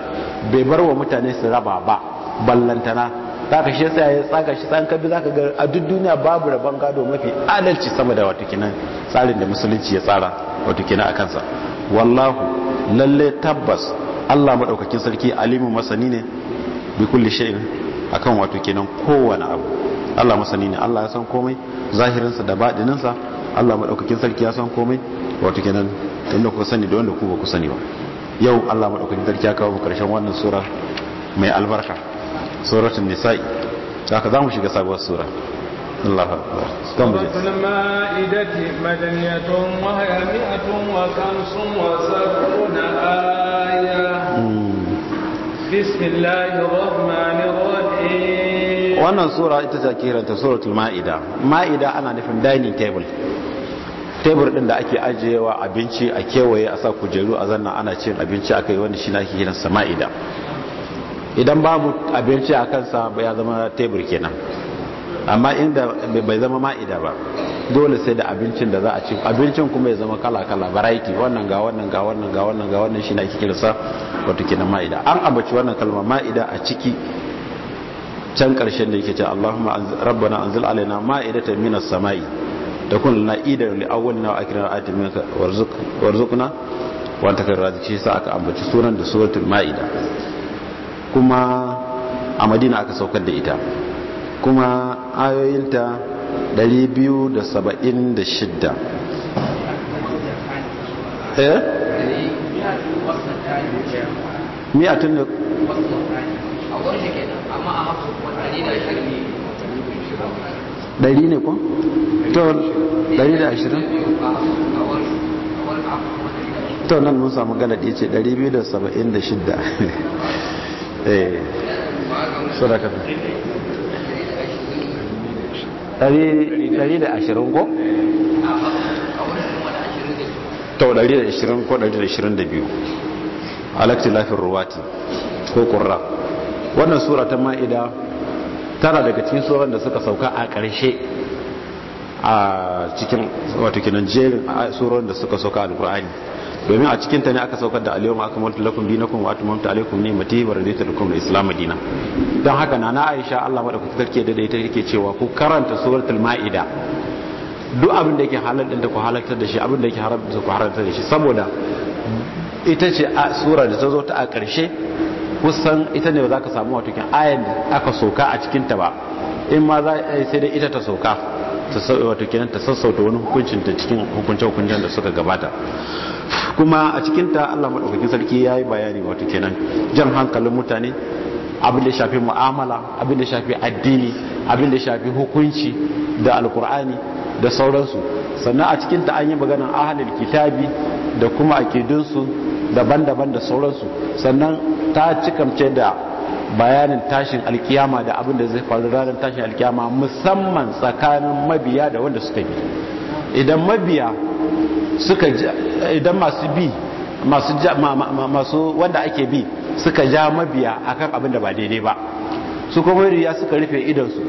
bai bar wa mutane su raba ba ballantana zaka shi yasa ya tsaka shi tsan kabi ka ga a duk duniya babu raban gado mafi adalci sama da wato kenan tsarin da musulunci ya tsara wato kenan akan sa wallahu lalle tabbas Allah madaukakin sarki alimu masani ne bi kulli shay'in akan wato kenan kowane abu Allah masani ne Allah ya san komai zahirinsa da baɗininsa Allah maɗaukakin sarki ya san komai wato kenan inda kuka sani da wanda ku ba ku sani ba yau Allah maɗaukakin sarki ya kawo mu karshen wannan sura mai albarka suratul nisa'i haka zamu shiga sabuwar sura الله أكبر كم سورة مدنية وهي مئة وخمس وسبعون آية بسم الله الرحمن الرحيم wannan sura ita ta kiranta suratul ma'ida ma'ida ana nufin dining table tebur din da ake ajiyewa abinci a kewaye a sa kujeru a zanna ana cin abinci a kai wanda shi na ake kiransa ma'ida idan babu abinci a kansa ya zama tebur kenan amma inda bai zama ma'ida ba dole sai da abincin da za a ci abincin kuma ya zama kala-kala variety wannan ga wannan ga wannan ga wannan ga wannan shi na ake kiransa wato kenan ma'ida an abaci wannan kalma ma'ida a ciki can ƙarshen da yake ce Allahumma rabbana anzil alaina mina, minas sama'i kun na idan li awwalina wa akhirina atina warzuq warzuqna wa anta khairur raziqin sa aka ambaci sunan da suratul ma'ida kuma a Madina aka saukar da ita kuma ayoyinta 276 eh mi'atun ne ɗari ne ko? to ɗari da ashirin? to nan mun samu galadi ce ɗari biyu da saba'in da shidda *laughs* eh sadaka ɗari da ashirin ko? da ashirin ko da da ashirin biyu 122 lafin ruwati ko ƙurra wannan sura ta ma'ida tana daga cikin tsoron da suka sauka a ƙarshe a cikin wato kinan jerin tsoron da suka sauka al al-qur'ani domin a cikinta ne aka saukar da al-yawma akmaltu lakum dinakum wa atmamtu alaykum ni'mati wa raditu lakum al islamu dinan dan haka nana Aisha Allah madaukakin sarki da ta yake cewa ku karanta suratul maida duk abin da yake halal din da ku halartar da shi abin da yake haram da ku haramta da shi saboda ita ce a sura da ta zo ta a ƙarshe kusan ita ne ba za ka samu wato kin ayan da aka soka a cikin ta ba in ma za eh, sai dai ita ta soka ta wato kin ta sassauta wani hukuncin ta cikin hukuncin-hukuncin da suka gabata kuma a cikin ta Allah madaukakin sarki ya yi bayani wato kenan jan hankalin mutane abin da shafi mu'amala abin da shafi addini abin da shafi hukunci da alkur'ani da sauransu sannan a cikinta an yi maganan ahalil kitabi da kuma akidunsu daban-daban da sauransu sannan ta cikamce da bayanin tashin alkiyama da abin da zai faru ranar tashin alkiyama musamman tsakanin mabiya da wanda suka bi idan mabiya suka idan masu bi masu masu wanda ake bi suka ja mabiya akan abin da ba daidai ba su kuma riya suka rufe idansu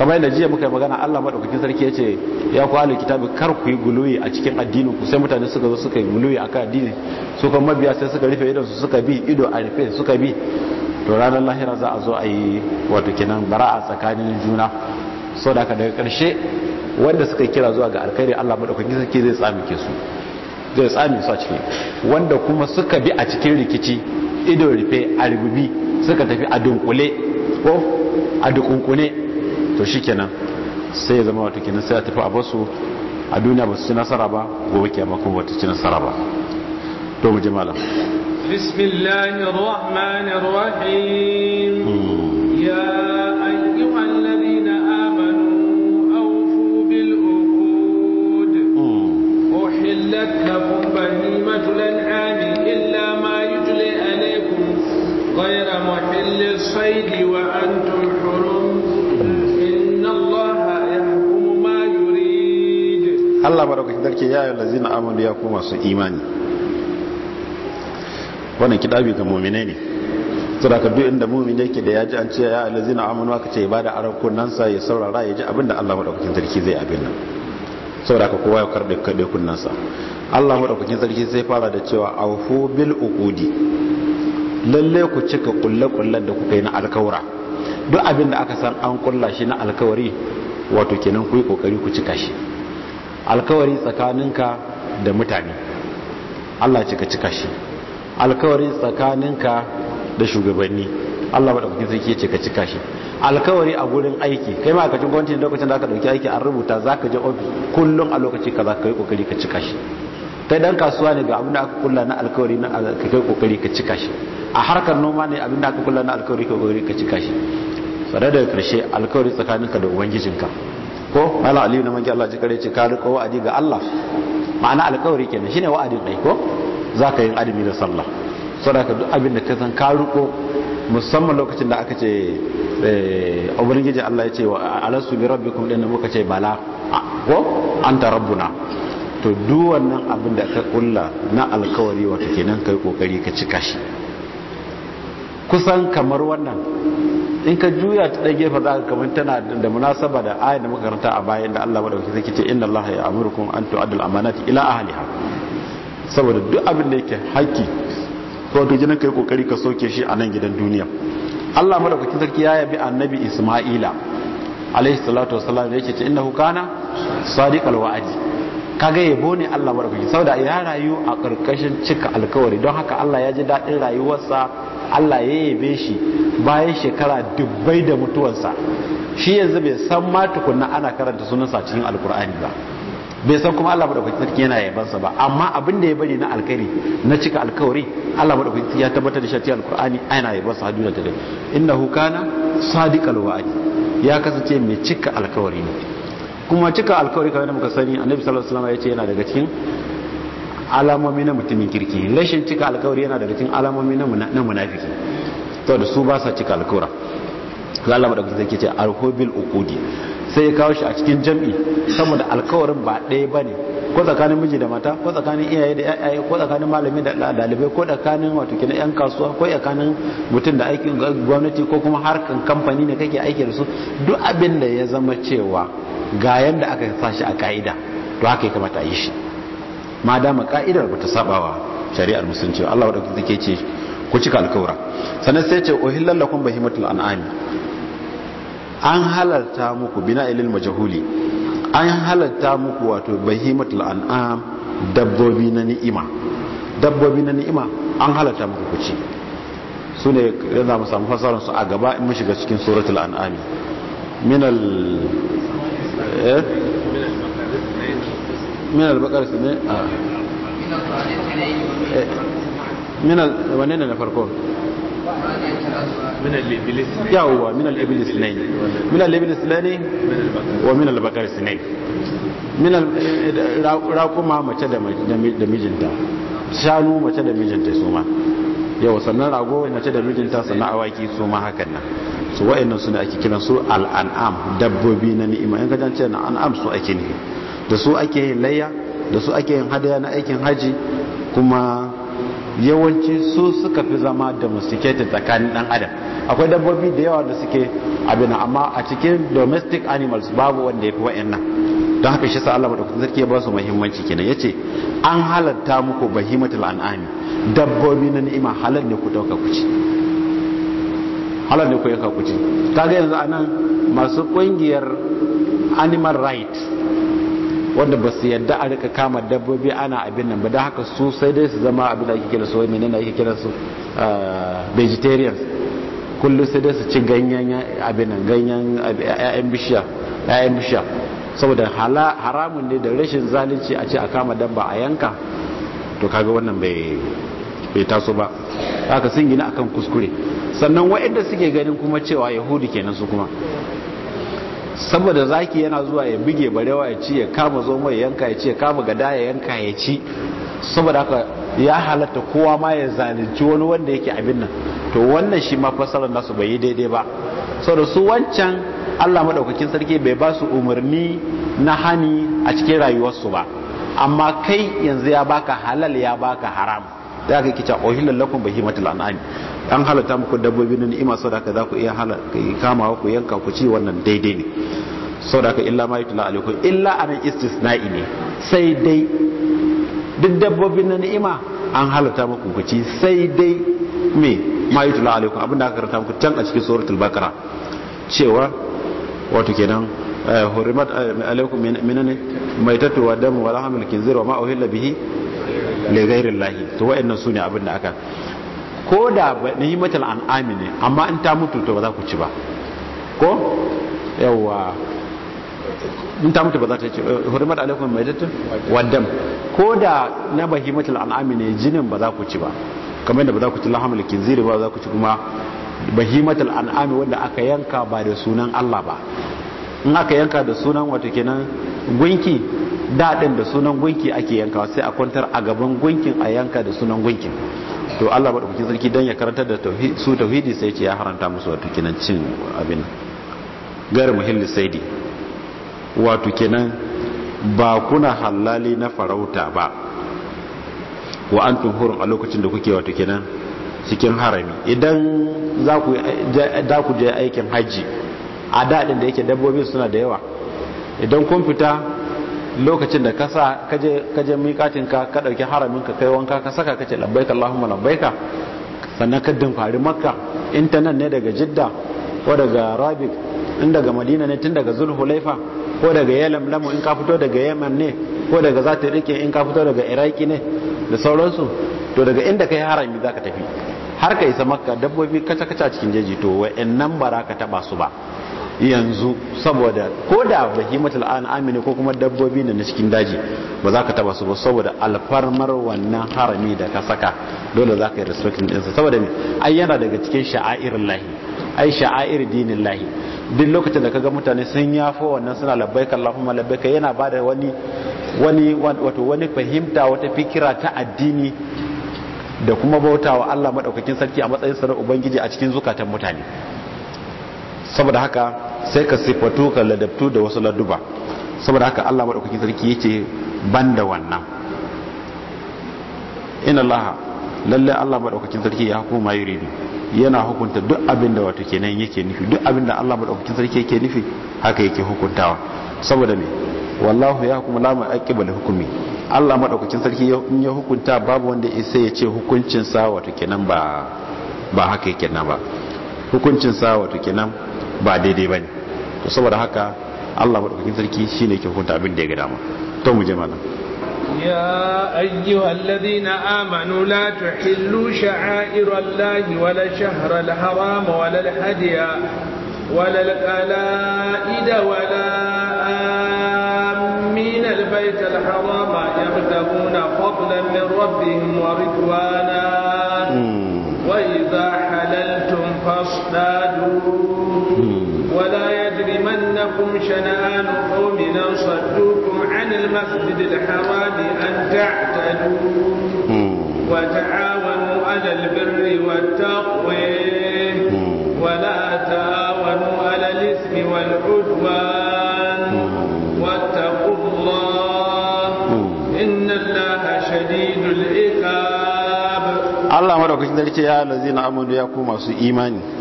kamar yadda jiya muka yi magana Allah maɗaukakin sarki ya ce ya ku ahlul kitabi kar ku yi guluyi a cikin addinin ku sai mutane suka zo suka yi guluyi kan addini su kan mabiya sai suka rufe idonsu suka bi ido a rufe suka bi to ranar lahira za a zo a yi wato kenan bara'a tsakanin juna so da daga karshe wanda suka kira zuwa ga alkhairi Allah maɗaukakin sarki zai tsamike su zai tsami su a ciki wanda kuma suka bi a cikin rikici ido rufe a rububi suka tafi a dunkule ko a dukunkune to kenan sai ya zama wato kenan sai a tafi a basu a duniya ba su ci nasara ba gobe kiyama kuma ba ci nasara ba to mu ji malam bismillahir rahmanir rahim hmm. ya لكم بهيمة الأنعام إلا ما يجلي عليكم غير محل الصيد وأنتم حرم Allah madaukakin sarki ya yi lazina Amadu ya koma su imani wannan kidabi ga mu'minai ne saboda ka duk inda mu'mini yake da yaji an ce ya yi lazina amanu aka ce ba da arakun nan sa ya saurara ya ji abinda Allah madaukakin sarki zai abin nan saboda ka kowa ya karbe kade kunnan sa Allah madaukakin sarki zai fara da cewa awfu bil uqudi lalle ku cika kulle-kullen da kuka yi na alkawura duk abin da aka san an kulla shi na alkawari wato kenan ku yi kokari ku cika shi alkawari tsakaninka da mutane Allah cika cika shi alkawari tsakaninka da shugabanni Allah kuke sarki cika cika shi alkawari a gurin aiki kai ma kacin gwamnati lokacin da aka dauki aiki an rubuta zaka je ofis kullum a lokaci kaza kai kokari ka cika shi kai dan kasuwa ne ga abin da aka kulla na alkawari na ka kai kokari ka cika shi a harkar noma ne abin da aka kulla na alkawari ka kokari ka cika shi sada daga karshe alkawari tsakaninka da ubangijinka ko mala aliyu na manke Allah ji kare ce ka riko wa'adi ga Allah ma'ana alkawari kenan shine wa'adi dai ko zaka yi adami da sallah saboda duk abin da ka san ka riko musamman lokacin da aka ce a eh, ubangiji Allah ya ce wa alastu bi rabbikum din muka ce bala ko anta rabbuna to duk wannan abin da ka kulla na alkawari wata kenan kai kokari ka cika shi kusan kamar wannan in ka juya ta ɗage fa za ka kamar tana da munasaba da ayyana da muka karanta a bayan da Allah madaukakin zai ce inda Allah ya kuma an amana ta ila ahliha saboda duk abin da yake haƙƙi ko to jinan kai kokari ka soke shi a nan gidan duniya Allah madaukakin sarki ya yabi annabi Isma'ila alaihi salatu da yake ce inda hukana sadiqal wa'adi kaga yabo ne Allah madaukaki saboda ya rayu a ƙarƙashin cika alkawari don haka Allah ya ji daɗin rayuwarsa Allah ya yabe shi bayan shekara dubbai da mutuwansa shi yanzu bai san ma tukunna ana karanta sunansa cikin alkur'ani ba bai san kuma Allah madaukaki sarki yana yabansa ba amma abin da ya bari na alkhairi na cika alkawari Allah madaukaki sarki ya tabbatar da shi cikin alkur'ani ana yabansa har hadu da dai innahu kana sadiqal wa'di ya kasance mai cika alkawari ne kuma cika alkawari kamar da muka sani annabi sallallahu alaihi wasallam ya ce yana daga cikin alamomi na mutumin kirki rashin cika alkawari yana daga cikin alamomi na munafiki to da su ba sa cika alkawara to Allah madaukakin sarki ce arhobil uqudi sai ya kawo shi a cikin jam'i saboda alkawarin ba ɗaya bane ko tsakanin miji da mata ko tsakanin iyaye da 'ya'ya ko tsakanin malami da dalibai ko tsakanin wato kina yan kasuwa ko tsakanin mutum da aikin gwamnati ko kuma harkan kamfani ne kake aiki da su duk abin da ya zama cewa ga yanda aka sa shi a ka'ida to haka ya kamata a yi shi ma dama ka'idar bata sabawa shari'ar musulunci Allah wa dauki take ce ku cika alkawura sannan sai ce uhillal lakum bahimatul an'ami an halarta muku bina ilil majhuli an halarta muku wato bahimatul an'am dabbobi na ni'ima dabbobi na ni'ima an halarta muku ku ci su ne za mu samu fasarar su a gaba in mu shiga cikin suratul an'ami minal eh min al-baqara ne ah. eh, min al-wanne ne na farko yawwa min al-iblis ne min al-iblis ne wa min al-baqara ne min raquma mace da mijinta shanu mace da mijinta su ma yau sannan rago mace da mijinta sannan awaki su ma hakan nan su wa'annan su ne ake kiran su al'an'am dabbobi na ni'ima in ka jance na an'am su ake ne da su ake yin layya da su ake yin hadaya na aikin haji kuma yawanci su suka fi zama da tsakanin dan adam akwai dabbobi da yawa da suke abin amma a cikin domestic animals babu wanda ya fi wa'annan don haka shi sa Allah madaukakin sarki ya ba su muhimmanci kenan yace an halatta muku bahimatul an'ami dabbobi na ni'ima halal ne ku dauka ku ci ne ku yanka ku ci kaga yanzu anan masu kungiyar animal right wanda ba su yadda a rika kama dabbobi ana abin nan ba don haka su sai dai su zama abin da ake kira su wani nan ake kira su ah, vegetarians kullum sai dai su ci ganyen abin nan ganyen ya'yan bishiya saboda haramun ne da rashin zalunci a ce a kama dabba a yanka to kaga wannan bai taso ba haka sun gina akan kuskure sannan waɗanda suke ganin kuma cewa yahudu kenan su kuma saboda zaki yana zuwa ya buge barewa ya ci ya kama zo ya yanka ya ci ya kama gada ya yanka ya ci saboda haka ya halatta kowa ma ya zalunci wani wanda yake abin nan to wannan shi ma fasarar nasu bai yi daidai ba saboda su wancan Allah madaukakin sarki bai ba su umarni na hani a cikin rayuwarsu ba amma kai yanzu ya baka halal ya baka haram da aka kita ohillan lakum bahimatul an'am an halatta muku dabbobi na ni'ima da haka za ku iya kama ku yanka ku ci wannan daidai ne da ka illa ma yutla alaikum illa anan istisna'i ne sai dai duk dabbobi na ni'ima an halatta muku ku ci sai dai me ma yutla alaikum abinda aka karanta muku can a cikin suratul bakara cewa wato kenan eh, hurimat eh, alaikun minane maitatu wa damu wa lahamul khinzir wa ma bihi li ghairillahi to wayannan sune abin da aka ko da matal an ne amma in ta mutu to ba za ku ci ba ko yawa in ta mutu ba za ta ci hurmat alaikum maidatu wadam ko da na bahimatul an ne jinin ba za ku ci ba kamar da ba za ku ci lahamul kinziri ba za ku ci kuma bahimatul an'ami wanda aka yanka ba da sunan Allah ba in aka yanka da sunan wato kenan gunki daɗin da sunan gunki ake yankawa sai a kwantar a gaban gunkin a yanka da sunan gunkin to Allah maɗaukakin sarki don ya karanta da su tauhidi sai ce ya haranta musu wato kenan cin abin gari muhimmi saidi wato kenan ba kuna halali na farauta ba wa an hurun a lokacin da kuke wato kenan cikin harami idan za ku je aikin hajji a daɗin da yake dabbobi suna da yawa idan kun fita lokacin da kasa kaje miƙatinka ka ɗauki haraminka kai wanka ka saka kace labbaika Allahumma labbaika sannan ka fari makka in ta nan ne daga jidda ko daga rabik in daga madina ne tun daga zulhulaifa ko daga yalam lamu in ka fito daga yaman ne ko daga zata rike in ka fito daga iraki ne da sauransu to daga inda kai harami za ka tafi har ka isa makka dabbobi kaca kaca cikin jeji to wa'annan ba za ka taba su ba yanzu saboda ko da baki matal an ko kuma dabbobi da na cikin daji ba za ka taba su ba saboda alfarmar wannan harami da ka saka dole za ka yi restricting ɗinsa saboda me ai yana daga cikin sha'airin lahi ai sha'air dinin lahi duk lokacin da ka ga mutane sun yafo wannan suna labbaika Allahumma labbaika yana ba da wani wani wato wani fahimta wata fikira ta addini da kuma bautawa Allah madaukakin sarki a matsayin sanar ubangiji a cikin zukatan mutane saboda haka sai ka sifatu ka ladabtu da wasu laduba saboda haka Allah maɗaukaki sarki ya ce ban da wannan inna Allah lalle Allah maɗaukaki sarki ya hukuma yuridu yana hukunta duk abin da wato kenan yake nufi duk abin da Allah maɗaukaki sarki yake nufi haka yake hukuntawa saboda me wallahu ya hukuma la mu'aqqiba li hukumi Allah maɗaukaki sarki in ya hukunta babu wanda isa ya ce hukuncin sa wato kenan ba ba haka yake na ba hukuncin sa wato kenan ba daidai bane to saboda haka Allah madaukakin sarki shine ke hukunta abin da ya ga dama to mu je mana يا أيها الذين آمنوا لا تحلوا شعائر الله ولا الشهر الحرام ولا الهدي ولا القلائد ولا آمين البيت الحرام يبتغون فضلا من ربهم ورضوانا وإذا حللتم فاصطادوا ولا يجرمنكم شنآن قوم أن صدوكم عن المسجد الحرام أن تعتدوا وتعاونوا على البر والتقوى ولا تعاونوا على الإثم والعدوان واتقوا الله إن الله شديد العقاب الله مرحبا كنت يا الذين آمنوا يا كوما إيماني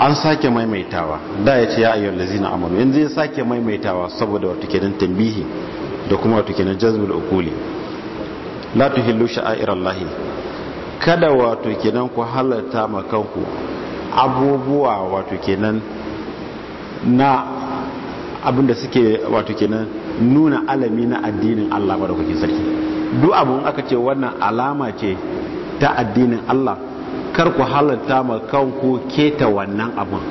an sake maimaitawa da ya ce ya da zina amalu yanzu ya sake maimaitawa saboda wato kenan tambihi da kuma wato kenan jazbul uquli la kada wato kenan ku halatta makanku abubuwa wato kenan na abinda suke wato kenan nuna alami na addinin Allah kuke sarki duk abun aka ce wannan alama ce ta addinin Allah kar ku halatta ma kanku keta wannan abin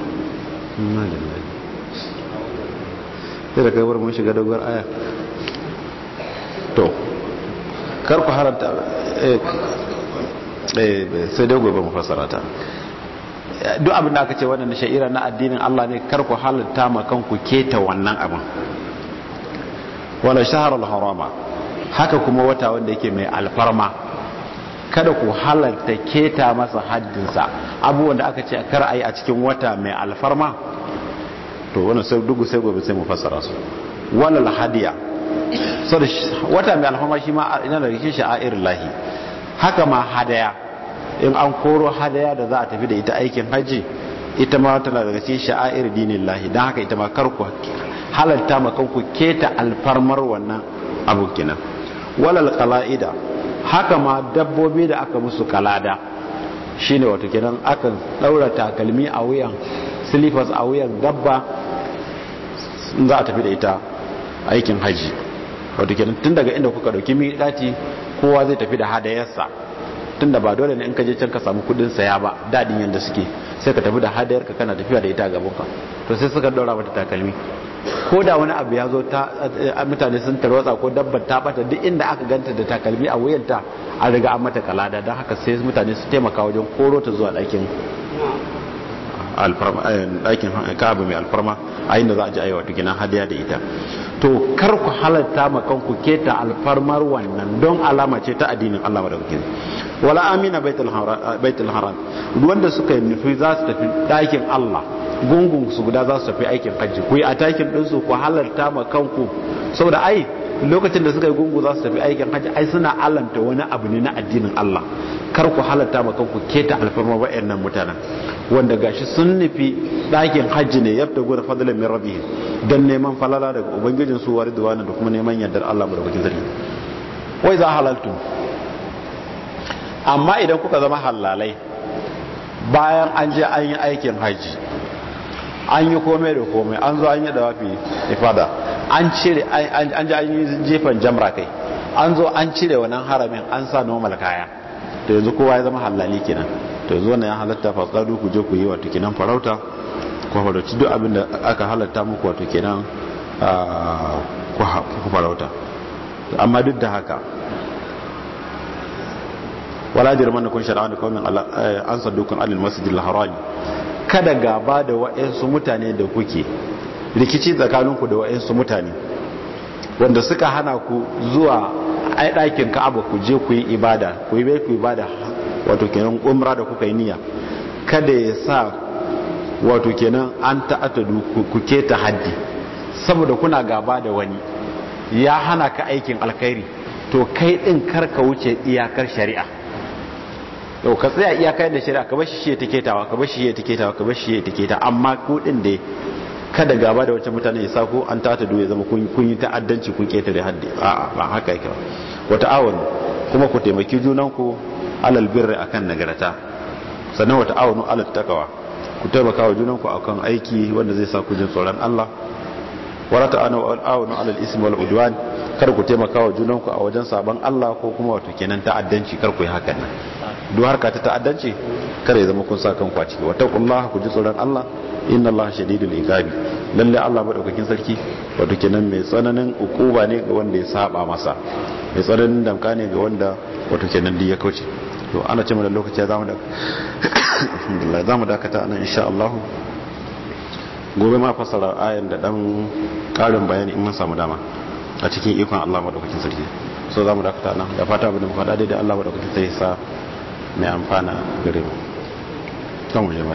sai da kaiwar mun shiga dogon aya to kar ku haramta eh, eh, sai dai gobe mu ta duk abin da aka ce wannan sha'ira na addinin Allah ne kar ku halatta ma kanku keta wannan abin wala shahrul harama haka kuma wata wanda yake mai alfarma kada ku halarta keta masa haddinsa abubuwan da aka ce a kar a yi a cikin wata mai alfarma to wani sai dugu sai gobe sai mu fassara su walal hadiya so da wata mai alfarma shi ma ina da rikin shi lahi haka ma hadaya in an koro hadaya da za a tafi da ita aikin hajji ita ma tana daga cikin sha'air dinin lahi don haka ita ma karku halarta ma kanku keta alfarmar wannan abu kenan walal qala'ida haka ma dabbobi da aka musu kalada shi ne wato kenan akan daura takalmi a wuyan silifas a wuyan dabba za a tafi da ita aikin haji wato kenan tun daga inda kuka dauki miƙati kowa zai tafi da hadayarsa tun da ba dole ne in ka je can ka samu kudin saya ba dadin yadda suke sai ka tafi da hadayar ka kana tafiya da ita a ka to sai suka daura mata takalmi ko da wani abu ya zo ta eh, mutane sun tarwatsa ko dabbar ta bata duk inda aka ganta da takalmi a wuyanta a riga an mata kalada don haka sai mutane su taimaka wajen koro ta zuwa ɗakin eh, eh, mai alfarma a inda za a ji aiwata gina hadiya da ita to kar ku halatta ma ku keta alfarmar wannan don alama ce ta addinin Allah kuke wala amina baitul haram wanda suka nufi za su tafi ɗakin Allah gungun su guda za su tafi aikin hajji ku yi a takin ɗinsu ku halarta ma kanku saboda ai lokacin da suka yi gungu za su tafi aikin hajji ai suna alanta wani abu ne na addinin Allah kar ku halarta ma kanku keta alfarma wa'annan mutanen wanda gashi sun nufi ɗakin hajji ne yadda gura fadlan mai rabi don neman falala daga ubangijin su wari da kuma neman yardar Allah mu da bakin wai za halaltu amma idan kuka zama halalai bayan an je an yi aikin hajji an yi komai da komai an zo an yi dawafi ifada an cire an ji an yi jefan jamra kai an zo an cire wannan haramin an sa normal kaya to yanzu kowa ya zama halali kenan to yanzu wannan ya halatta fasadu ku je ku yi wato kenan farauta ku farauci duk abin da aka halatta muku wato kenan ku farauta amma duk da haka wala jirman kun shara'a da kaumin eh, an saddukun alil masjidil harami kada gaba da wa'yansu mutane da kuke rikici tsakaninku da wa'yansu mutane wanda suka hana ku zuwa ai ɗakin ka'aba ku je ku yi ibada ku yi bai ku ibada wato kenan umra da kuka yi niyya kada ya sa wato kenan an ta'ata ku keta haddi saboda kuna gaba da wani ya hana ka aikin alkhairi to kai din karka wuce iyakar shari'a yau ka tsaya iyaka da shari'a ka bashi shi ya tiketawa ka bashi shi ya tiketawa ka bashi shi ya tiketa amma kudin din da kada gaba da wancan mutane ya sako an tata doye zama kun yi ta'addanci kun da haddi a'a ba haka yake wata awon kuma ku taimaki junanku alal birri akan nagarta sannan wata awon alal takawa ku taimaka wa junanku akan aiki wanda zai sa ku jin tsoron Allah ana ta'awanu 'alal isim wal udwan kar ku taimaka wa junanku a wajen saban Allah ko kuma wato kenan ta'addanci kar ku yi hakan nan duk harka ta ta'addanci kar ya zama kun sa kanku a ciki wa taqullaha ku ji tsoron Allah inna Allah shadidul iqabi lalle Allah madaukakin sarki wato kenan mai tsananin ukuba ne ga wanda ya saba masa mai tsananin damka ne ga wanda wato kenan duk ya kauce to ana cewa da lokaci ya zamu da *coughs* zamu dakata nan insha Allah gobe ma fasara ayan da dan karin bayani in mun samu dama a cikin ikon Allah madaukakin sarki so za mu dakata nan da fata bin da faɗa daidai Allah madaukakin sarki sa mai amfana gare mu kan mu